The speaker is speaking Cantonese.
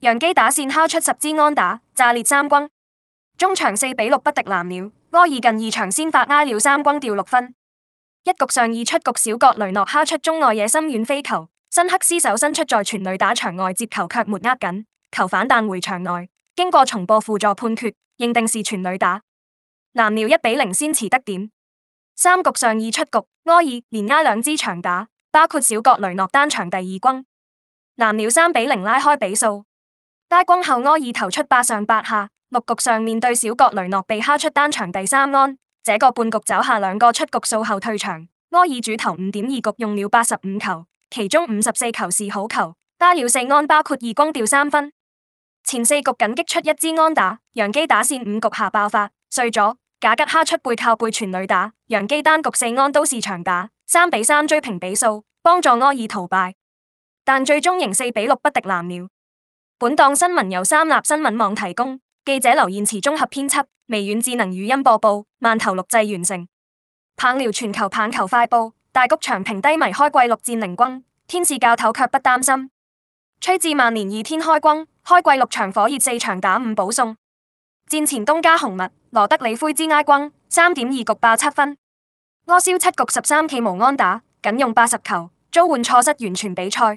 洋基打線敲出十支安打，炸裂三轟。終場四比六不敵藍鳥，柯爾近二場先發挨了三轟掉六分。一局上二出局，小葛雷諾敲出中外野深遠飛球，辛克斯手伸出在全壘打場外接球，卻沒握緊，球反彈回場內，經過重播輔助判決，認定是全壘打。藍鳥一比零先馳得點。三局上二出局，柯爾連挨兩支長打，包括小葛雷諾單場第二轟。藍鳥三比零拉開比數。單光後，柯爾投出八上八下，六局上面對小葛雷諾被敲出單場第三安，這個半局走下兩個出局數後退場。柯爾主投五點二局用了八十五球，其中五十四球是好球，打了四安，包括二轟掉三分。前四局僅擊出一支安打，洋基打線五局下爆發，碎咗賈吉敲出背靠背全壘打，洋基單局四安都是長打，三比三追平比數，幫助柯爾逃敗，但最終贏四比六不敵藍鳥。本檔新聞由三立新聞網提供，記者劉燕池綜合編輯，微軟智能語音播報，慢頭錄製完成。棒球全球棒球快報：大谷翔平低迷開季六戰零轟，天使教頭卻不擔心，吹至萬年二天開轟，開季六場火熱四場打五保送，戰前東家紅密羅德里灰之埃轟三點二局爆七分，柯肖七局十三 K 無安打，僅用八十球，遭換錯失完全比賽。